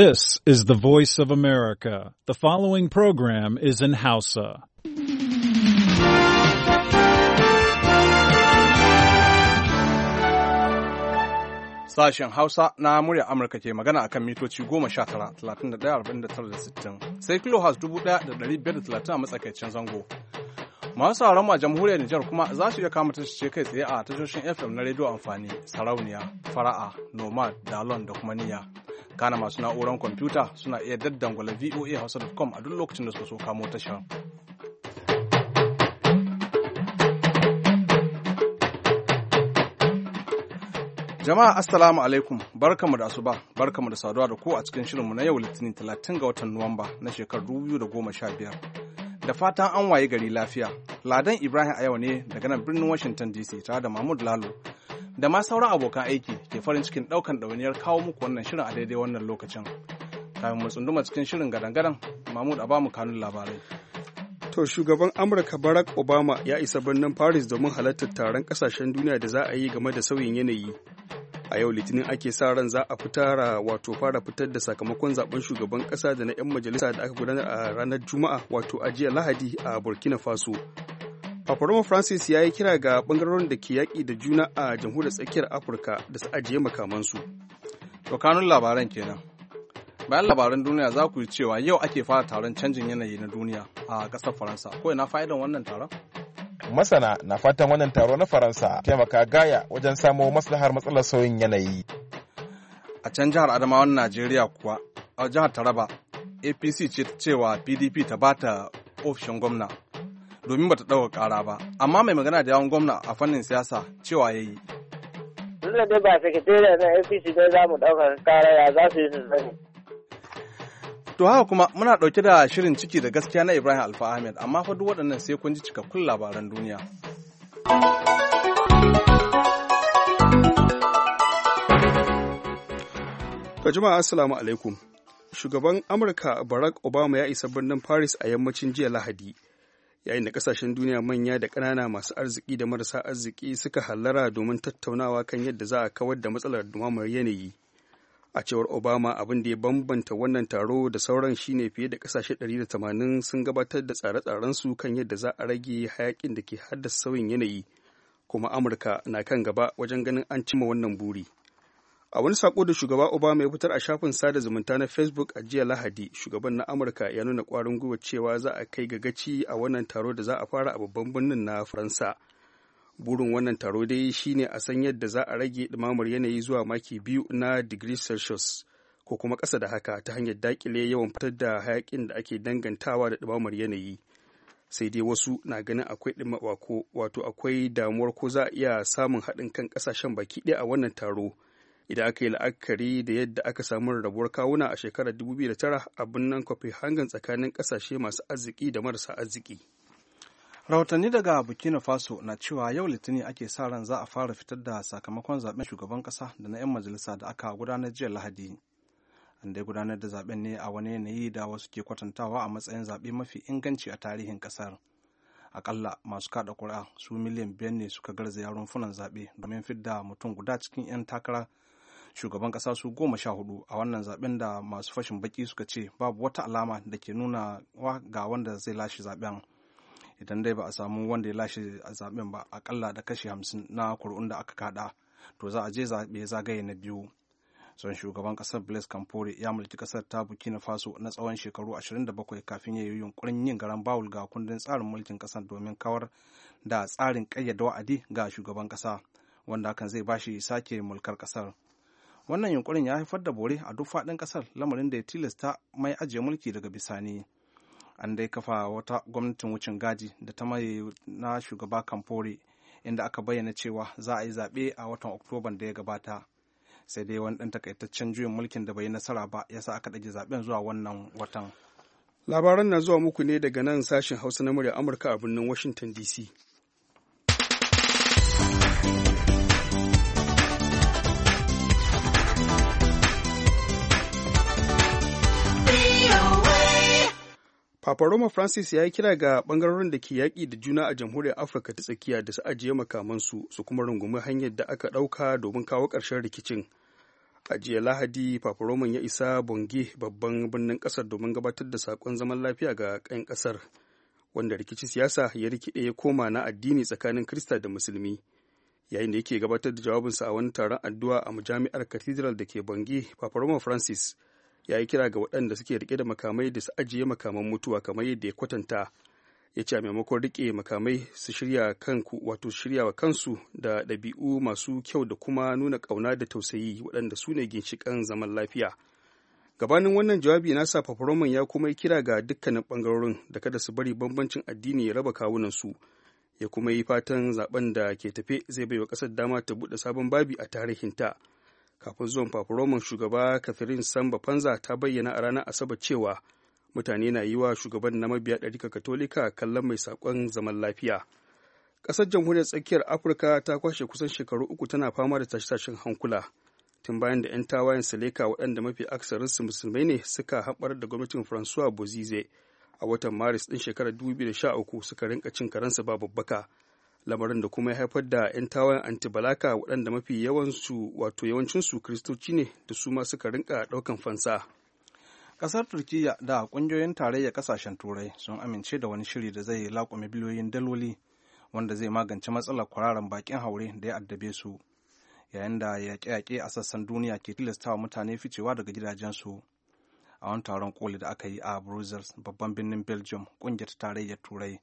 This is the voice of America. The following program is in Hausa. Sashen Hausa na murya Amurka ke magana akan mitoci goma sha tara, talatin da tara da sittin, sai kilo has dubu ɗaya da ɗari biyar da talatin a matsakaicin zango. masu sauran ma jamhuriyar Nijar kuma za su iya kama ce kai tsaye a tashoshin FM na rediyo amfani, sarauniya, fara'a, nomad, dalon da kuma niyya. kana masu na'uran kwamfuta suna iya daddangwala voa hausa.com a duk lokacin da suka so kamo tashar. Jama'a Assalamu alaikum barkamu da asuba barkamu da saduwa da ko a cikin shirinmu na yau Litinin 30 ga watan Nuwamba na shekarar 2015. Da fatan an waye gari lafiya, Ladan Ibrahim a ne daga nan birnin Washington DC tare da Mahmud Lalo da ma sauran abokan aiki ke farin cikin ɗaukan ɗawainiyar kawo muku wannan shirin a daidai wannan lokacin. Kafin mu tsunduma cikin shirin gadan-gadan, Mahmud Abamu kanun labarai. To shugaban Amurka Barack Obama ya isa birnin Paris domin halartar taron kasashen duniya da za a yi game da sauyin yanayi. A yau Litinin ake sa ran za a fitara wato fara fitar da sakamakon zaben shugaban kasa da na 'yan majalisa da aka gudanar a ranar Juma'a wato a jiya Lahadi a Burkina Faso. Paparoma Francis ya yi kira ga bangarorin da ke yaƙi da juna a jamhuriyar tsakiyar Afirka da su ajiye makamansu. To kanun labaran kenan. Bayan labaran duniya za ku yi cewa yau ake fara taron canjin yanayi na duniya a ƙasar Faransa. Ko ina fa'idan wannan taron? Masana na fatan wannan taro na Faransa taimaka gaya wajen samo maslahar matsalar sauyin yanayi. A can jihar Adamawan Najeriya kuwa, a jihar Taraba, APC ce ta cewa PDP ta bata ofishin gwamna domin ba ta ɗaga ƙara ba amma mai magana da yawan gwamna a fannin siyasa cewa ya yi. ba sakatare na APC dai za mu ɗaukar ƙara ya za su yi su To haka kuma muna ɗauke da shirin ciki da gaskiya na Ibrahim Alfa Ahmed amma fa duk waɗannan sai kun ji cikakkun labaran duniya. ka jama'a assalamu alaikum. Shugaban Amurka Barack Obama ya isa birnin Paris a yammacin jiya Lahadi. yayin da kasashen duniya manya da ƙanana masu arziki da marasa arziki suka hallara domin tattaunawa kan yadda za a kawar da matsalar dumamar yanayi a cewar obama abin da ya bambanta wannan taro da sauran shine fiye da kasashe 180 sun gabatar da tsare-tsarensu kan yadda za a rage hayakin da ke haddasa sauyin yanayi kuma amurka na kan gaba wajen ganin an cimma wannan buri a wani sako da shugaba obama ya fitar a shafin sada zumunta na facebook a jiya lahadi shugaban na amurka ya nuna kwarin gwiwa cewa za a kai gagaci a wannan taro da za a fara a babban birnin na faransa burin wannan taro dai shine a san yadda za a rage ɗumamar yanayi zuwa maki biyu na digiri celsius ko kuma ƙasa da haka ta hanyar dakile yawan fitar da hayakin da ake dangantawa da ɗumamar yanayi sai dai wasu na ganin akwai ɗimma wato akwai damuwar ko za a iya samun haɗin kan ƙasashen baki ɗaya a wannan taro idan aka yi la'akari da yadda aka samu rabuwar kawuna a shekarar 2009 a birnin copenhagen tsakanin kasashe masu arziki da marasa arziki rahotanni daga burkina faso na cewa yau litinin ake sa ran za a fara fitar da sakamakon zaben shugaban kasa da na 'yan majalisa da aka gudanar jiya lahadi an gudanar da zaben ne a wani yanayi da wasu ke kwatantawa a matsayin zaɓe mafi inganci a tarihin kasar akalla masu kada kura su miliyan biyar ne suka yaron rumfunan zaɓe domin fidda mutum guda cikin 'yan takara shugaban ƙasa su goma sha hudu a wannan zaben da masu fashin baki suka ce babu wata alama da ke nuna wa ga wanda zai lashe zaben idan dai ba a samu wanda ya lashe zaben ba akalla da kashi hamsin na kuri'un da aka kada to za a je zaɓe zagaye na biyu son shugaban ƙasar blaise kamfore ya mulki ƙasar ta burkina faso na tsawon shekaru 27 kafin ya yi yunkurin yin garan bawul ga kundin tsarin mulkin ƙasar domin kawar da tsarin ƙayyada wa'adi ga shugaban ƙasa wanda hakan zai bashi sake mulkar ƙasar wannan yunkurin ya haifar da bore a duk faɗin ƙasar lamarin da ya tilasta mai ajiye mulki daga bisani an dai kafa wata gwamnatin wucin gadi da ta mai na shugaba kamfore inda aka bayyana cewa za a yi zaɓe a watan oktoban da ya gabata sai dai wani ɗan takaitaccen juyin mulkin da bai yi nasara ba ya sa aka ɗage zaɓen zuwa wannan watan labaran na zuwa muku ne daga nan sashen hausa na murya amurka a birnin washington dc Paparoma Francis ya yi kira ga bangarorin da ke yaƙi da juna a jamhuriyar Afirka ta tsakiya da su ajiye makamansu su kuma rungumi hanyar da aka ɗauka domin kawo ƙarshen rikicin. A jiya Lahadi, Paparoman ya isa Bonge babban birnin ƙasar domin gabatar da saƙon zaman lafiya ga ƙayan ƙasar, wanda rikicin siyasa ya rikide ya koma na addini tsakanin Kirista da Musulmi. Yayin da yake gabatar da jawabinsa a wani taron addu'a a majami'ar Cathedral da ke Bonge, Paparoma Francis ya yi kira ga waɗanda suke rike da makamai da su ajiye makaman mutuwa kamar yadda ya kwatanta ya ce a maimakon rike makamai su shirya kanku wato shirya wa kansu da ɗabi'u masu kyau da kuma nuna ƙauna da tausayi waɗanda su ne ginshiƙan zaman lafiya gabanin wannan jawabi na sa fafaroman ya kuma yi kira ga dukkanin ɓangarorin da kada su bari bambancin addini ya raba kawunan su ya kuma yi fatan zaben da ke tafe zai baiwa ƙasar dama ta buɗe sabon babi a tarihinta. ta kafin zuwan fafaroman shugaba catherine samba panza ta bayyana a ranar asabar cewa mutane na yi wa shugaban na mabiya ɗarika katolika kallon mai saƙon zaman lafiya ƙasar jamhuriyar tsakiyar afirka ta kwashe kusan shekaru uku tana fama da tashe-tashen hankula tun bayan da 'yan tawayen seleka waɗanda mafi aksarinsu musulmai ne suka haɓar da gwamnatin francois bozize a watan maris ɗin shekarar 2013 suka rinka cin karansa ba babbaka lamarin da kuma ya haifar da 'yan tawayen antibalaka waɗanda mafi yawansu wato yawancinsu kristoci ne da su ma suka rinka ɗaukan fansa ƙasar turkiyya da ƙungiyoyin tarayya ƙasashen turai sun amince da wani shiri da zai laƙume biliyoyin daloli wanda zai magance matsalar kwararan bakin haure da ya addabe su yayin da yaƙe-yaƙe a sassan duniya ke tilasta wa mutane ficewa daga gidajensu a wani taron koli da aka yi a brussels babban birnin belgium ƙungiyar tarayyar turai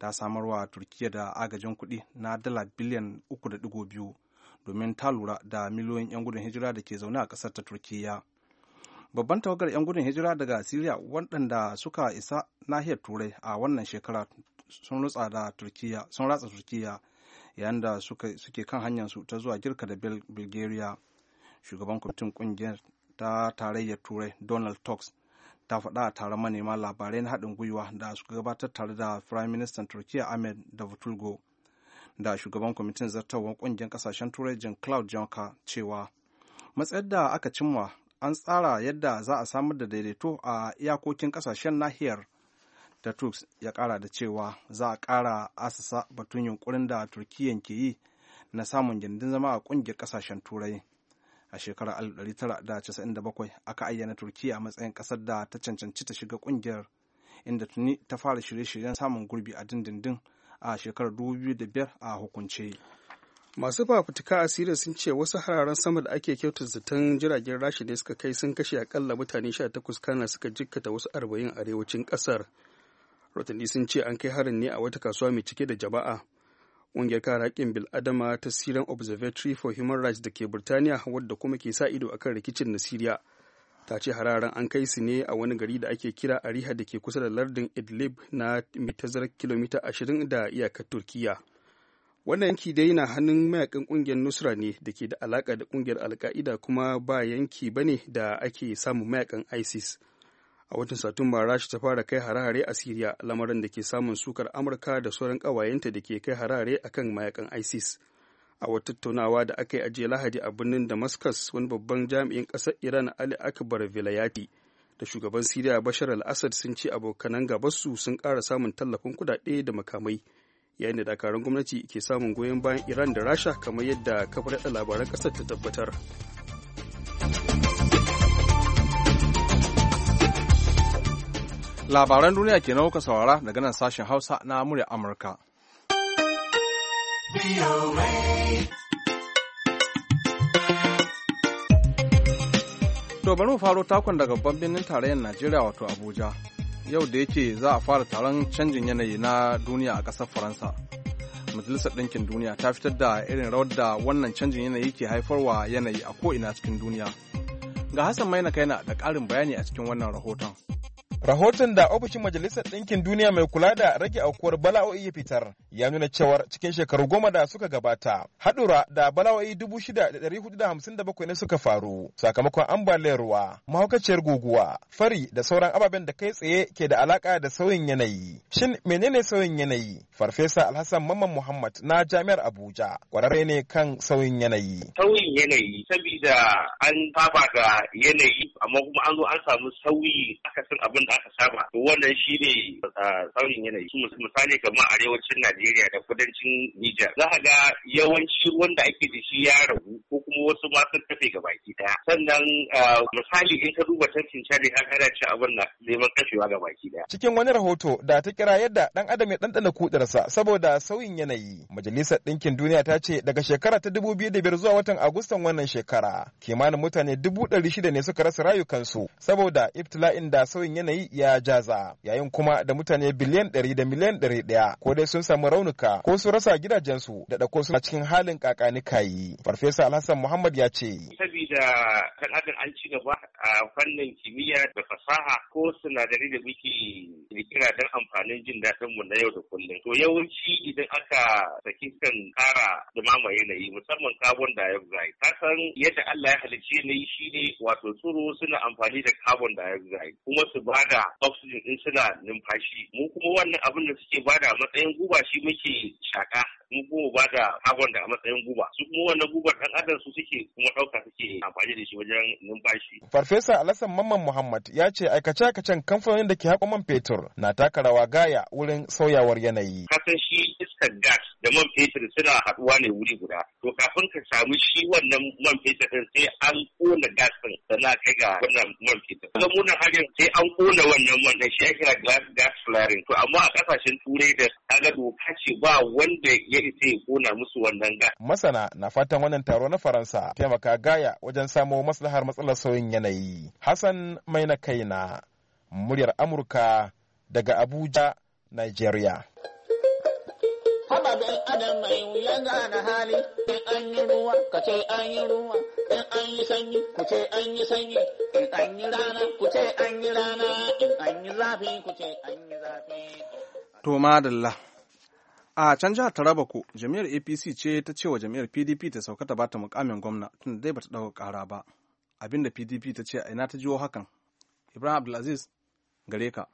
ta samarwa turkiya da agajin kuɗi na dala biliyan 3.2 domin ta lura da miliyoyin 'yan gudun hijira da ke zaune a ƙasar ta turkiya babban tawagar 'yan gudun hijira daga syria waɗanda suka isa nahiyar turai a wannan shekara sun da turkiya sun ratsa turkiya yayin da suke kan hanyarsu ta zuwa girka da bulgaria shugaban kwamitin ƙungiyar ta tarayyar turai donald tusk ta faɗa a taron manema labarai na haɗin gwiwa da suka gabatar tare da firayim ministan turkiya ahmed davutoglu da shugaban kwamitin zartawar ƙungiyar ƙasashen turai jean claude juncker cewa matsayar da aka cimma an tsara yadda za a samar da daidaito a iyakokin ƙasashen nahiyar da turks ya ƙara da cewa za a ƙara asasa batun yunkurin da turkiyyar ke yi na samun gindin zama a ƙungiyar ƙasashen turai a shekarar 1997 aka ayyana turkiya a matsayin kasar da ta cancanci ta shiga kungiyar inda tuni ta fara shirye-shiryen samun gurbi a dindindin a shekarar 2005 a hukunce masu fafutuka a sun ce wasu hararen sama da ake kyautar zaton jiragen rashi ne suka kai sun kashe akalla mutane 18 kana suka jikkata wasu 40 arewacin kasar rotundi sun ce an kai harin ne a wata kasuwa mai cike da jama'a ƙungiyar kare haƙƙin bil'adama ta Syrian Observatory for Human Rights da ke Burtaniya wadda kuma ke sa ido akan rikicin na Siriya. Ta ce hararan an kai su ne a wani gari da ake kira Ariha da ke kusa da lardin Idlib na mitazar kilomita ashirin da iyakar Turkiyya. Wannan yanki dai na hannun mayakan ƙungiyar Nusra ne da ke da alaƙa da ƙungiyar Alka'ida kuma ba yanki bane da ake samun mayakan ISIS. a watan satumba rashi ta fara kai harare a siriya lamarin da ke samun sukar amurka da sauran kawayenta da ke kai harare kan mayakan isis a wata tattaunawa da aka yi ajiye lahadi a birnin damascus wani babban jami'in ƙasar iran ali akbar vilayati da shugaban siriya bashar al-assad sun ce abokanan su sun kara samun tallafin kudade da makamai yayin da dakarun gwamnati ke samun goyon bayan iran da rasha kamar yadda kafar labaran ƙasar ta tabbatar Labaran duniya ke kuka saurara daga nan sashen Hausa na murya Amurka. To bari mu faro takon daga babban birnin tarayyar Najeriya wato Abuja. Yau da yake za a fara taron canjin yanayi na duniya a ƙasar Faransa. Majalisar Ɗinkin Duniya ta fitar da irin rawar da wannan canjin yanayi ke haifarwa yanayi a ko'ina cikin duniya. Ga Hassan Maina Kaina da ƙarin bayani a cikin wannan rahoton. Rahoton da ofishin Majalisar Ɗinkin Duniya mai kula da rage aukuwar bala'o'i ya fitar ya nuna cewar cikin shekaru goma da suka gabata haɗura da bala'o'i dubu shida da dari hudu da hamsin da bakwai ne suka faru sakamakon ambaliyar ruwa, mahaukaciyar guguwa, fari da sauran ababen da kai tsaye ke da alaƙa da sauyin yanayi. Shin menene sauyin yanayi? Farfesa Alhassan Mamman Muhammad na Jami'ar Abuja ƙwararre ne kan sauyin yanayi. Sauyin yanayi saboda an fafa da yanayi amma kuma an zo an samu sauyi akasin abin ba ka saba wannan shi shine tsaurin yanayi misali kamar arewacin Najeriya da kudancin Niger. za ka ga yawanci ruwan da ake da shi ya ragu ko kuma wasu ma sun kafe ga baki daya sannan misali in ka duba tantin cari an kada ci abin na neman kafewa ga baki daya cikin wani rahoto da ta kira yadda dan adam ya dandana kudarsa saboda sauyin yanayi majalisar ɗinkin duniya ta ce daga shekara ta dubu biyu da biyar zuwa watan agustan wannan shekara kimanin mutane dubu ɗari shida ne suka rasa rayukansu saboda ibtila'in da sauyin yanayi dai ya jaza yayin kuma da mutane biliyan ɗari da miliyan ɗari ɗaya ko dai sun samu raunuka ko su rasa gidajensu da ɗauko suna cikin halin kakani kayi farfesa alhassan muhammad ya ce sabi da adam an ci gaba a fannin kimiyya da fasaha ko sinadari da muke kirkira don amfanin jin daɗin mu na yau da kullum. To yawanci idan aka saki kan ƙara dumama yanayi musamman carbon dioxide. Ka san yadda Allah ya halicci yanayi shi ne wato tsiro suna amfani da carbon dioxide kuma su bada oxygen in suna numfashi. Mu kuma wannan abin da suke bada a matsayin guba shi muke shaka. Mu kuma bada carbon da a matsayin guba. Su kuma wannan gubar ɗan adam su suke kuma ɗauka suke amfani da shi wajen numfashi. Farfesa Alassan Mamman Muhammad ya ce aikace-aikacen kamfanonin da ke haƙo man fetur na taka rawa gaya wurin sauyawar yanayi. Kasan shi iskar gas da man fetur suna haɗuwa ne wuri guda. To kafin ka samu shi wannan man fetur ɗin sai an ƙona gas ɗin sannan kai ga wannan man fetur. Kuma munan hajjin sai an ƙona wannan man ɗin shi ake gas gas flaring. To amma a ƙasashen turai da kaga doka ce ba wanda ya isa ya ƙona musu wannan gas. Masana na fatan wannan taro na Faransa taimaka gaya wajen samo maslahar matsalar sauyin yanayi. Hassan mai na kaina, muryar Amurka daga Abuja, Nigeria. Ababen adam mai wuya gane hali, in an yi ruwa, ka ce an yi ruwa, in an yi sanyi, ku ce an yi sanyi, in an yi rana, ku ce an yi rana, in an yi zafi, ku ce an yi zafi. To madalla. a can jihar taraba ko jami'ar apc ce ta cewa jami'ar pdp ta sauka ta bata mukamin gwamna tun dai bata ɗauka kara ba abinda pdp ta ce a ina ta jiwo hakan ibrahim abdulaziz gare ka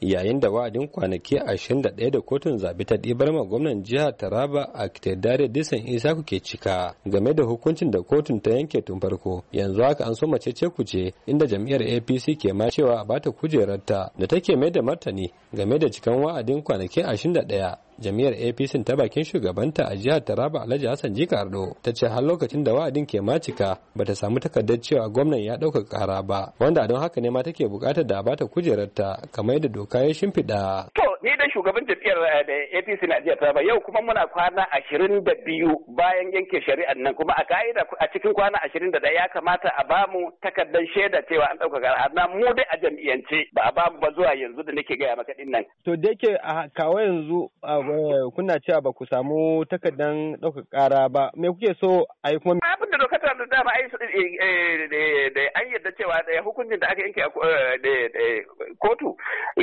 yayin da wa'adin kwanaki 21 da kotun zabi ta ɗibar ma gwamnan jihar taraba a kitadare disan isa ke cika game da hukuncin da kotun ta yanke tun farko yanzu haka an so mace ce kuce inda jam'iyyar apc ke ma cewa a bata kujerarta da take mai da martani game da cikan wa'adin kwanaki 21 jami'ar apc ta bakin shugabanta a jihar taraba alhaji hassan jikardo ta ce har lokacin da wa'adin ke macika ba ta samu takardar cewa gwamnan ya ɗauka kara ba wanda don haka ne ma take buƙatar da a bata kujerarta kamar yadda doka ya shimfiɗa. to ni da shugaban jami'ar eh, da apc na jihar taraba yau kuma muna kwana ashirin da biyu bayan yanke shari'ar nan kuma a ka'ida a cikin kwana ashirin da ya kamata a bamu takardar shaida cewa an ɗauka kara na mu dai a jam'iyyance ba a bamu ba zuwa yanzu da nake gaya maka ɗin nan. to da yake a kawo yanzu Eh, kuna cewa ba ku samu takardan ɗaukar ƙara ba me kuke so a yi kuma ita dokar ta eh, eh, da dama ai da an yarda cewa da eh, hukuncin da aka yanke a kotu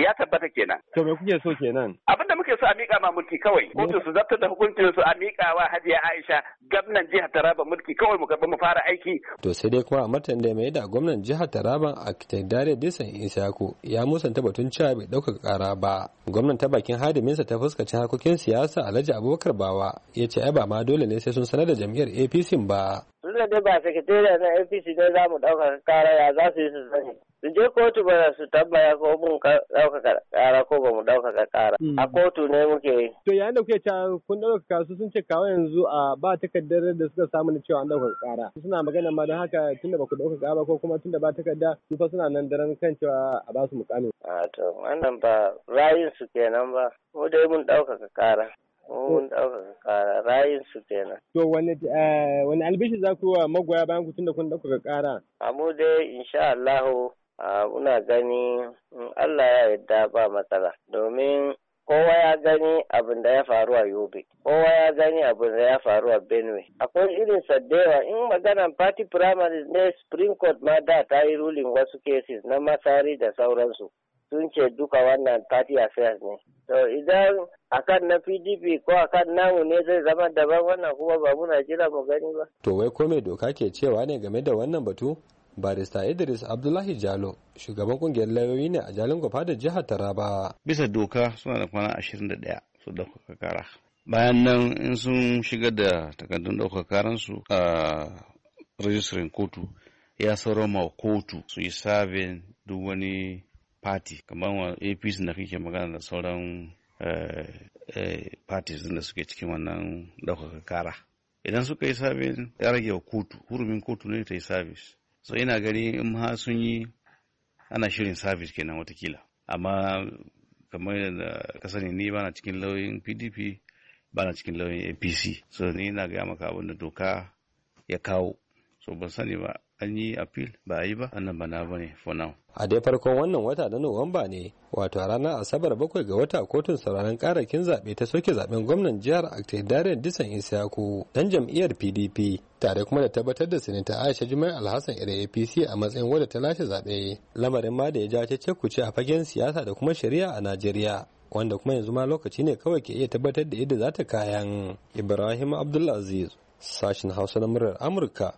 ya tabbata kenan to me kuke so kenan abinda da muke so a mika ma mulki kawai kotu su zartar da hukuncin su a mika wa Hajiya Aisha gwamnan jihar Taraba mulki kawai mu karɓi mu fara aiki to sai dai kuma a martan da mai da gwamnan jihar Taraba a Kitadare Disan Isaku ya musanta batun cewa bai ɗaukaka kara ba gwamnan ta bakin hadiminsa ta fuskaci harkokin siyasa Alhaji Abubakar Bawa ya ce ai ba ma dole ne sai sun sanar da jam'iyyar APC ba tun da dai ba sakatariya na apc don za mu ɗaukaka kara ya za su yi su sani su je kotu ba su tambaya ko mun ɗaukaka kara ko ba mu ɗaukaka kara mm. a kotu ne muke yi. to yayin da kuke ta kun ɗaukaka su sun ce kawo yanzu a ba takardar da suka samu na cewa an ɗaukaka kara suna magana ma don haka tunda ba ku ɗaukaka kara ko kuma tunda ba takarda su fa suna nan daren kan cewa a ba su mukamin. a to wannan ba rayin su kenan ba Ko dai mun ɗaukaka kara. mun oh, ɗaukaka ƙara rayin su kenan. To wani eh, wani albishi za ku wa magoya bayan ku tunda kun ɗaukaka ƙara? Amu dai insha Allah muna gani Allah ya yarda ba matsala domin kowa ya gani abin da ya faru a Yobe, kowa ya gani abin da ya faru a Benue. Akwai irin sadewa in maganan party primaries ne Supreme Court ma da ta yi rulin wasu cases na masari da sauransu. sun ce duka wannan party affairs ne. To idan a kan na PDP ko a kan namu ne zai zama daban wannan kuma ba muna jira mu gani ba. To wai ko mai doka ke cewa ne game da wannan batu? barista idris abdullahi jalo shugaban kungiyar lauyoyi ne a jalin gwafa da jihar taraba bisa doka suna da kwana 21 su ɗaukaka kara bayan nan in sun shiga da takardun ɗaukaka karansu a rajistirin kotu ya sauran ma kotu su yi sabin duk wani party kamar apc na kike magana da sauran eh, eh, parties da suke cikin wannan ɗaukaka kara idan suka yi sabin ya rage wa kotu hurumin kotu ne ta yi sabis so ina gani in ha sun yi ana shirin sabis kenan watakila amma kamar yadda ka sani ni bana cikin lauyin pdp bana cikin lauyin apc so ni ina gaya maka abin da doka ya kawo so ban sani ba an yi appeal ba a yi ba annan bana ba ne for now a dai farkon wannan wata na nuwamba ne wato a ranar asabar bakwai ga wata kotun sauraron karakin zaɓe ta soke zaɓen gwamnan jihar aktadariyar disan isiyaku dan jam'iyyar pdp tare kuma da tabbatar da sinita aisha jima'i alhassan ire apc a matsayin wadda ta lashe zaɓe lamarin ma da ya ja ce a fagen siyasa da kuma shari'a a najeriya wanda kuma yanzu ma lokaci ne kawai ke iya tabbatar da yadda za ta kayan ibrahim abdulaziz sashin hausa na murar amurka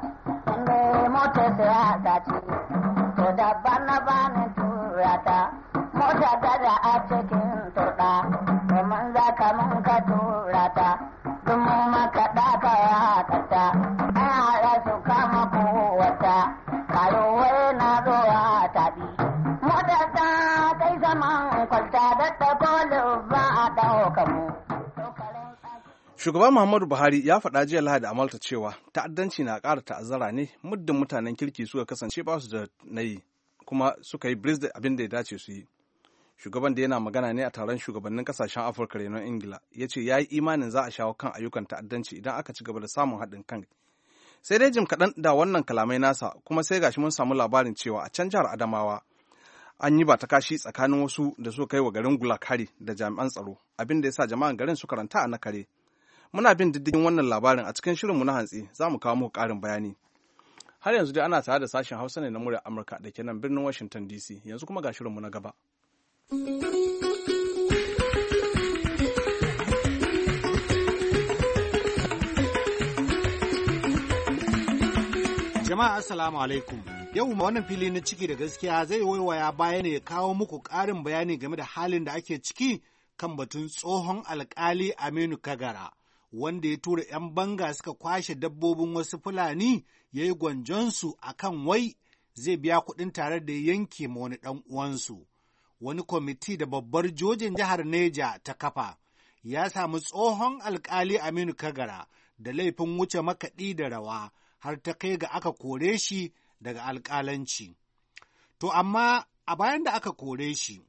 Shugaba Muhammadu Buhari ya faɗa jiya Lahadi a Malta cewa ta'addanci na ƙara ta'azzara ne muddin mutanen kirki suka kasance ba su da yi kuma suka yi bris da abin da ya dace su yi. Shugaban da yana magana ne a taron shugabannin kasashen Afirka renon Ingila ya ce ya yi imanin za a shawo kan ayyukan ta'addanci idan aka ci gaba da samun haɗin kan. Sai dai jim kaɗan da wannan kalamai nasa kuma sai gashi mun samu labarin cewa a can jihar Adamawa an yi ba ta kashi tsakanin wasu da suka kai wa garin Gulakari da jami'an tsaro abin da ya sa jama'an garin su karanta a na kare. muna bin diddigin wannan labarin a cikin shirinmu na hantsi za mu kawo muku ƙarin bayani har yanzu dai ana tare da sashen hausa ne na murya amurka da ke nan birnin washington dc yanzu kuma ga shirinmu na gaba jama'a assalamu alaikum yau ma wannan fili na ciki da gaskiya zai waiwaya bayan ne kawo muku ƙarin bayani game da halin da ake ciki kan batun tsohon alkali aminu kagara wanda ya tura 'yan banga suka kwashe dabbobin wasu Fulani ya yi gwanjonsu a kan wai zai biya kuɗin tare da yanke ma wani ɗan uwansu. Wani kwamiti da babbar jojin jihar Neja ta kafa ya samu tsohon alkali Aminu Kagara da laifin wuce makaɗi da rawa har ta kai ga aka kore shi daga alkalanci. To amma a bayan da aka kore shi,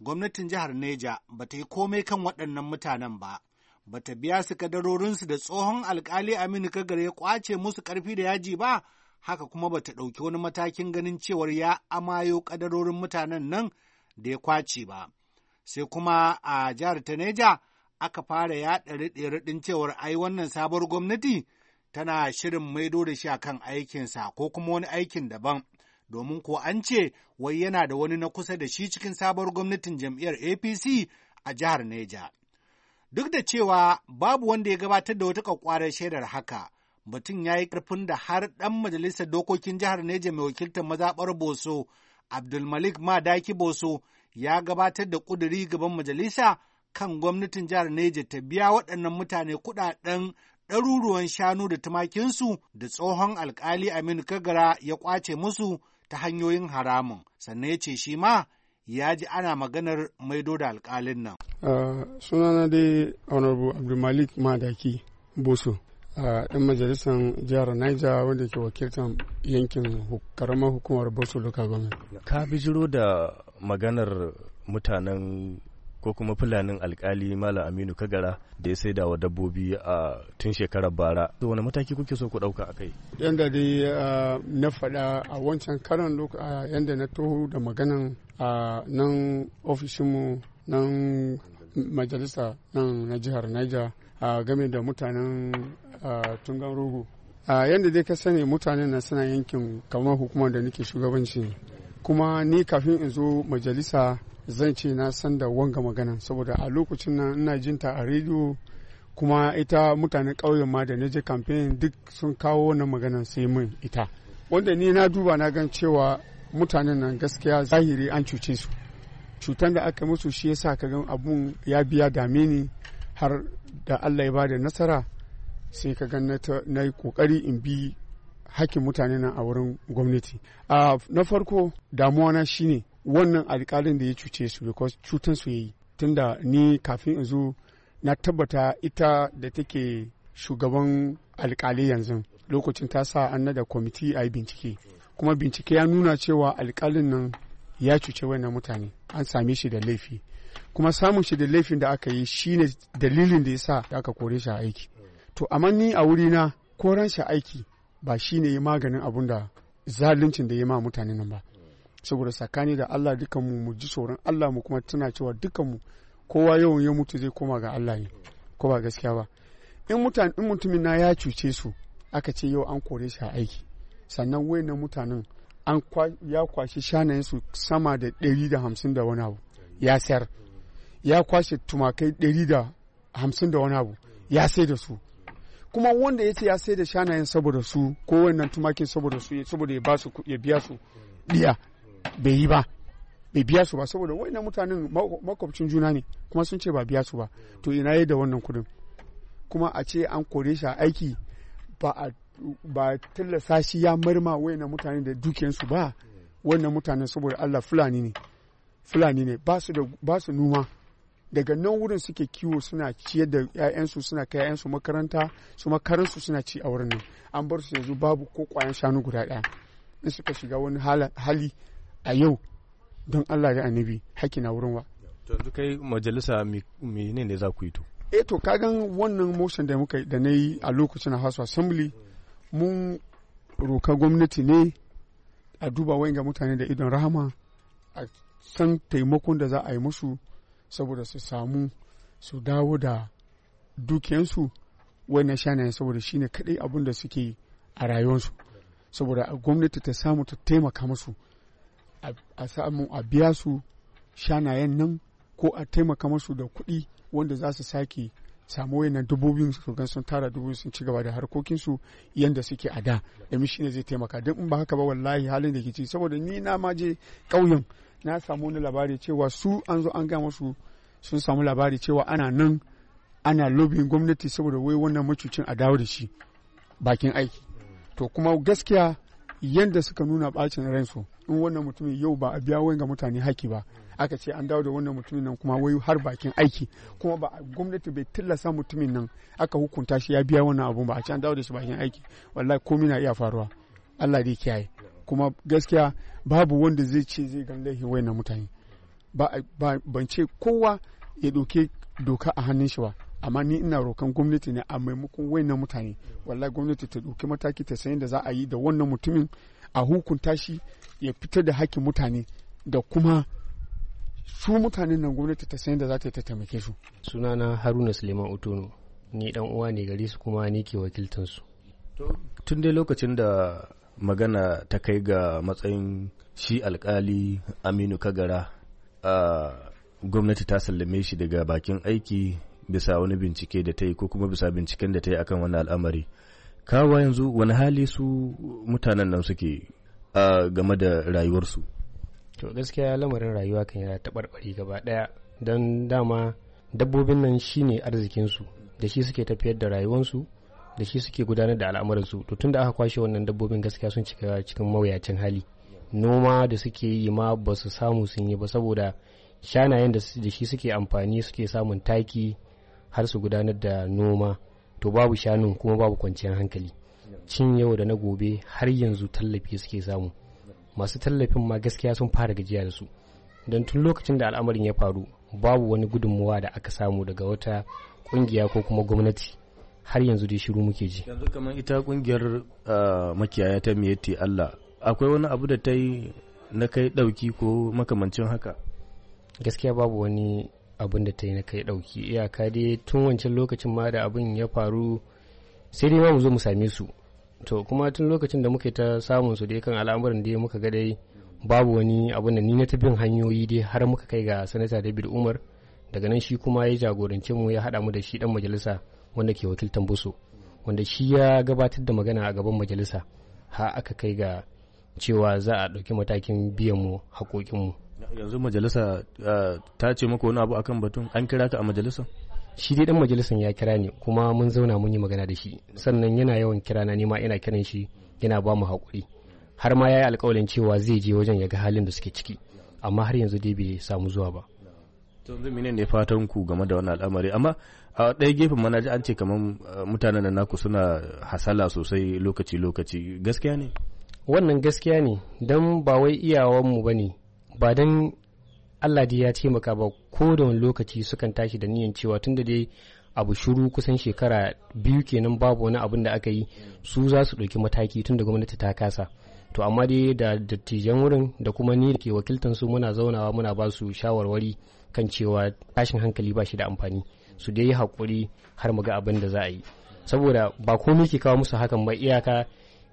gwamnatin jihar Neja ba ta yi komai kan waɗannan mutanen ba. ba ta biya su kadarorinsu da tsohon alkali Aminu Kagar ya kwace musu karfi da yaji ba, haka kuma ba ta ɗauki wani matakin ganin cewar ya amayo kadarorin mutanen nan da ya kwace ba. Sai kuma a jihar ta Neja aka fara yaɗa riɗe-riɗin cewar ai wannan sabuwar gwamnati tana shirin maido da shi akan aikinsa ko kuma wani aikin daban. Domin ko an ce wai yana da wani na kusa da shi cikin sabuwar gwamnatin jam'iyyar APC a jihar Neja. Duk da cewa babu wanda ya gabatar da wata kwakwarar shaidar haka, mutum ya yi ƙarfin da har ɗan majalisar dokokin jihar Neja mai wakiltar mazaɓar Boso, Abdulmalik Madaki Boso, ya gabatar da ƙuduri gaban majalisa kan gwamnatin jihar Neja ta biya waɗannan mutane kuɗaɗen ɗaruruwan shanu da tumakinsu da tsohon alƙali Aminu Kagara ya ƙwace musu ta hanyoyin haramun, sannan ya ce shi ma ya ji ana maganar maido da alƙalin nan. Suna sunana dai honorable abdulmalik madaki boso a ɗan majalisar jihar niger wanda ke wakiltar yankin karamar hukumar boso local government ka bijiro da maganar mutanen ko kuma fulanin alkali malam aminu kagara da ya saida wa dabbobi a tun shekarar bara da wani mataki kuke so ku dauka a kai yadda dai na faɗa a wancan karan yadda na toho da maganan a nan ofishinmu nan majalisa nan na jihar naija a game da mutanen tungan rogo. A yadda dai ka sani mutanen na suna yankin kamar hukumar da nake shugabanci kuma ni kafin in zo majalisa zan ce na san da wanga magana saboda a lokacin nan ina jinta a rediyo kuma ita mutanen ƙauyen ma da je campaign duk sun kawo wannan maganan sai min ita wanda ni na duba na gan cewa mutanen nan gaskiya zahiri an cuce su cutan da aka musu shi yasa ka gan abun ya biya dame ni har da Allah ya ba da nasara sai ka gan na yi kokari in bi hakkin mutane na a wurin gwamnati na farko damuwa na shine wannan alkalin da ya cuce su because cutan su yayi tunda ni kafin in zo na tabbata ita da take shugaban alkali yanzu lokacin ta sa an da kwamiti a yi bincike kuma bincike ya nuna cewa alkalin nan ya cuce wannan mutane an same shi da laifi kuma samun shi da laifin da aka yi shine dalilin da ya sa aka kore shi a aiki to amma ni a wuri na koran shi aiki ba shine ya maganin abun da zaluncin da ya ma mutane nan ba saboda sakani da Allah dukan mu ji tsoron Allah mu kuma tuna cewa dukanmu kowa yawan ya mutu zai koma ga Allah ne ko ba gaskiya ba in mutane mutumin na ya cuce su aka ce yau an kore shi a aiki sannan wayannan mutanen an ya kwashi shanayensu sama da ɗari da hamsin da wani abu ya sayar ya kwashe tumakai ɗari da hamsin da wani abu ya sai da su kuma wanda ya ce ya sai da shanayen saboda su ko wannan tumakin saboda su saboda ya biya su diya bai yi ba bai biya su ba saboda wannan mutanen makwabcin juna ne kuma sun ce ba biya su ba to ina yi da wannan kudin kuma a ce an kore shi a aiki ba a ba tallasa shi ya marma wayannan mutane da dukiyansu ba wannan mutane saboda Allah fulani ne fulani ne ba su numa daga nan wurin suke kiwo suna ciyar da 'ya'yansu suna kai 'ya'yansu makaranta su makaransu suna ci a wurin nan an bar su yanzu babu ko kwayan shanu guda ɗaya in suka shiga wani hali a yau don Allah da annabi haki na wurin wa yanzu kai majalisa menene ne za ku yi to eh to kagan wannan motion da muka da nayi a lokacin House Assembly mun roka gwamnati ne a duba ga mutane da idon rahama a san taimakon da za a yi musu saboda su samu su dawo da dukiyansu wannan shanayen saboda shi ne kaɗai abin da suke a rayuwarsu saboda gwamnati ta samu ta taimaka musu a samu a biya su shanayen nan ko a taimaka musu da kuɗi wanda za su sake samu wayannan dubobin su gan sun tara dubu sun ci gaba da harkokin su yanda suke a da domin shine zai taimaka duk in ba haka ba wallahi halin da ke ci saboda ni na ma je ƙauyen na samu wani labari cewa su an zo an ga musu sun samu labari cewa ana nan ana lobin gwamnati saboda wai wannan macucin a dawo da shi bakin aiki to kuma gaskiya yadda suka nuna bacin ransu in wannan mutumin yau ba a biya wayan ga mutane haki ba aka ce an dawo da wannan mutumin nan kuma wayo har bakin aiki kuma ba gwamnati bai tilasta mutumin nan aka hukunta shi ya biya wannan abun ba a ce an dawo da shi bakin aiki wallahi komai na iya faruwa Allah dai kiyaye kuma gaskiya babu wanda zai ce zai gan laihin wayannan mutane ba ban ce kowa ya doke doka a hannun shi ba amma ni ina rokan gwamnati ne a maimakon wayannan mutane wallahi gwamnati ta doki mataki ta san da za a yi da wannan mutumin a hukunta shi ya fitar da hakkin mutane da kuma su mutanen nan gwamnati ta san da za ta ta taimake su sunana haruna suleiman otono ni dan uwa ne gare su kuma ni ke wakiltan su tun dai lokacin da magana ta kai ga matsayin shi alkali aminu kagara a gwamnati ta sallame shi daga bakin aiki bisa wani bincike da ta yi ko kuma bisa binciken da ta yi akan wani al'amari kawa yanzu wani hali su mutanen nan suke game da rayuwarsu to gaskiya lamarin rayuwa kan yana taɓarɓari gaba ɗaya don dama dabbobin nan shine arzikinsu da shi suke tafiyar da rayuwansu da shi suke gudanar da al'amuransu to da aka kwashe wannan dabbobin gaskiya sun cika cikin mawuyacin hali noma da suke yi ma ba su samu sun yi ba saboda shanayen da shi suke amfani suke samun taki har su gudanar da noma to babu shanu kuma babu kwanciyar hankali cin yau da na gobe har yanzu tallafi suke samu masu tallafin ma gaskiya sun fara gajiya da su don tun lokacin da al'amarin ya faru babu wani gudunmuwa da aka samu daga wata kungiya ko kuma gwamnati har yanzu dai shiru muke ji yanzu kamar ita kungiyar ah, makiyaya ta miyatti Allah akwai wani abu da ta yi na kai dauki ko makamancin haka gaskiya babu wani abin da ta yi na kai dauki iyaka dai tun wancan lokacin ma da abin ya faru sai dai mu zo mu same su to kuma tun lokacin da muke ta samun su dai kan al'amuran da muka ga dai babu wani abin da ni na bin hanyoyi dai har muka kai ga sanata david umar daga nan shi kuma ya jagorance mu ya haɗa mu da shi dan majalisa wanda ke wakiltan buso wanda shi ya gabatar da magana a gaban majalisa har aka kai ga cewa za a ɗauki matakin biyan mu haƙoƙinmu yanzu majalisa eh, ta ce maka wani abu akan batun an kira ka a majalisa shi dai dan majalisan ya kira ni kuma mun zauna mun yi magana da shi sannan yana yawan kira na nima ina kiran shi yana ba mu haƙuri har ma ya yi alƙawalin cewa zai je wajen ya ga halin da suke ciki amma har yanzu dai bai samu zuwa ba to yanzu menene ne fatan ku game da wannan al'amari amma a ɗaya gefen mana ji an ce kamar eh, mutanen da naku suna hasala sosai lokaci lokaci gaskiya ne wannan gaskiya ne don ba wai iyawanmu ba ne ba don Allah dai ya taimaka ba ko da wani lokaci sukan tashi da niyan cewa tun da dai abu shuru kusan shekara biyu kenan babu wani abin da aka yi su za su ɗauki mataki tun da gwamnati ta kasa to amma dai da dattijan wurin da kuma ni da ke wakiltan su muna zaunawa muna ba su shawarwari kan cewa tashin hankali ba shi da amfani su dai yi haƙuri har mu ga abin da za a yi saboda ba komai ke kawo musu hakan ba iyaka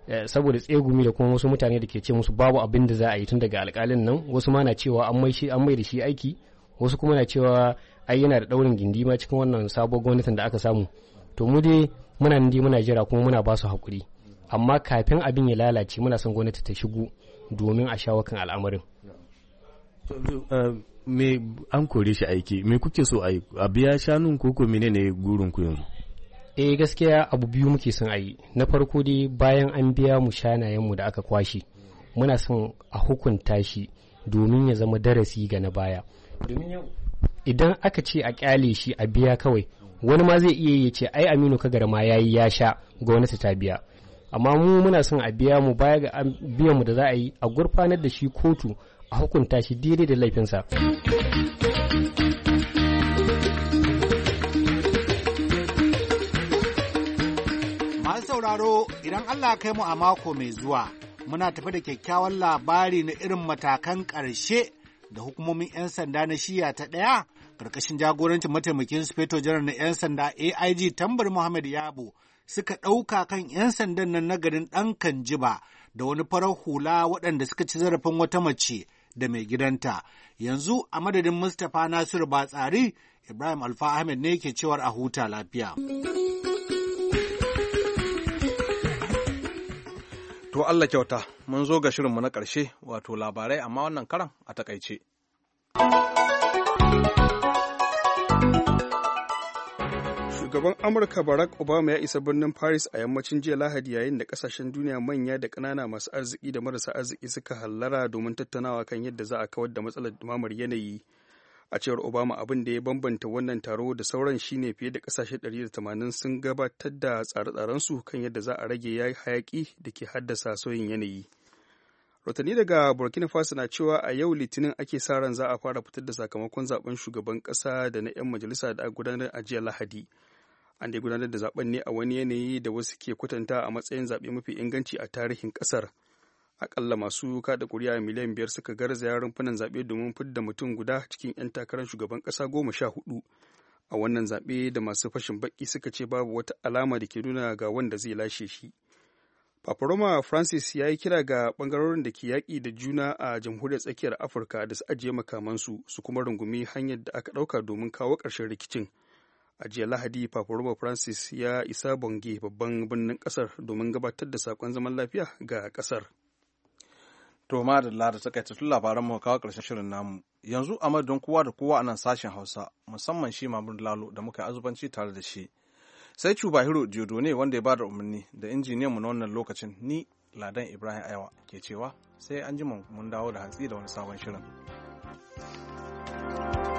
Eh, saboda tsegumi da kuma wasu mutane da ke ce musu babu abin da za a yi tun daga alƙalin nan wasu ma na cewa an mai da shi aiki wasu kuma na cewa ai yana da daurin gindi ma cikin wannan sabon gwamnatin da aka samu to mu dai muna nan muna jira kuma muna ba su hakuri amma kafin abin ya lalace muna son gwamnati ta shigo domin a shawo kan al'amarin eh, me an kore shi aiki me kuke so a biya shanun koko menene gurin ku yanzu eh gaskiya abu biyu muke son a yi na farko dai bayan an biya mu shanayen mu da aka kwashe muna son a hukunta shi domin ya zama darasi ga na baya idan aka ce a kyale shi a biya kawai wani ma zai iya ya ce ai aminu garma ya yayi ya sha gwamnati ta biya amma mu muna son a biya mu baya ga biyan mu da za a yi a gurfanar da shi kotu a hukunta shi daidai da laifinsa sauraro idan Allah kai mu a mako mai zuwa muna tafi da kyakkyawan labari na irin matakan ƙarshe da hukumomin 'yan sanda na shiya ta ɗaya ƙarƙashin jagorancin mataimakin sufeto janar na 'yan sanda AIG tambar Muhammad Yabo suka ɗauka kan 'yan sandan nan na garin ɗan Kanjiba da wani farar hula waɗanda suka ci zarafin wata mace da mai gidanta. Yanzu a madadin Mustapha Nasiru Batsari, Ibrahim Alfa Ahmed ne ke cewar a huta lafiya. To Allah kyauta, mun zo ga shirinmu na ƙarshe wato labarai amma wannan karan a takaice. Shugaban Amurka Barack Obama ya isa birnin Paris a yammacin jiya Lahadi yayin da ƙasashen duniya manya da ƙanana masu arziki da marasa arziki suka hallara domin tattaunawa kan yadda za a kawar da matsalar dumamar yanayi. a cewar obama abin da ya bambanta wannan taro da sauran shine fiye da kasashe 180 sun gabatar da tsare-tsarensu kan yadda za a rage ya hayaki da ke haddasa sauyin yanayi rotani daga burkina faso na cewa a yau litinin ake sa ran za a fara fitar da sakamakon zaben shugaban kasa da na 'yan majalisa da gudanar a jiya lahadi an dai gudanar da zaben ne a wani yanayi da wasu ke kwatanta a matsayin zaɓe mafi inganci a tarihin ƙasar. kasar akalla masu kada kuri'a miliyan biyar suka garzaya rumfunan zaɓe domin fidda mutum guda cikin 'yan takarar shugaban ƙasa goma sha hudu a wannan zaɓe da masu fashin baƙi suka ce babu wata alama da ke nuna ga wanda zai lashe shi paparoma francis ya yi kira ga ɓangarorin da ke yaƙi da juna a jamhuriyar tsakiyar afirka da su ajiye makamansu su kuma rungumi hanyar da aka ɗauka domin kawo ƙarshen rikicin a jiya lahadi paparoma francis ya isa bonge babban birnin ƙasar domin gabatar da saƙon zaman lafiya ga ƙasar To ma da lada ta kaita labaran mu kawo ƙarshen shirin namu. Yanzu a madadin kowa da kowa a nan sashen Hausa musamman shi Mamun Lalo da muka yi azubanci tare da shi. Sai cuba diodo ne wanda ya bada umarni da injiniyan mu na wannan lokacin ni Ladan Ibrahim Ayawa ke cewa sai an ji mun dawo da hatsi da wani sabon shirin. thank you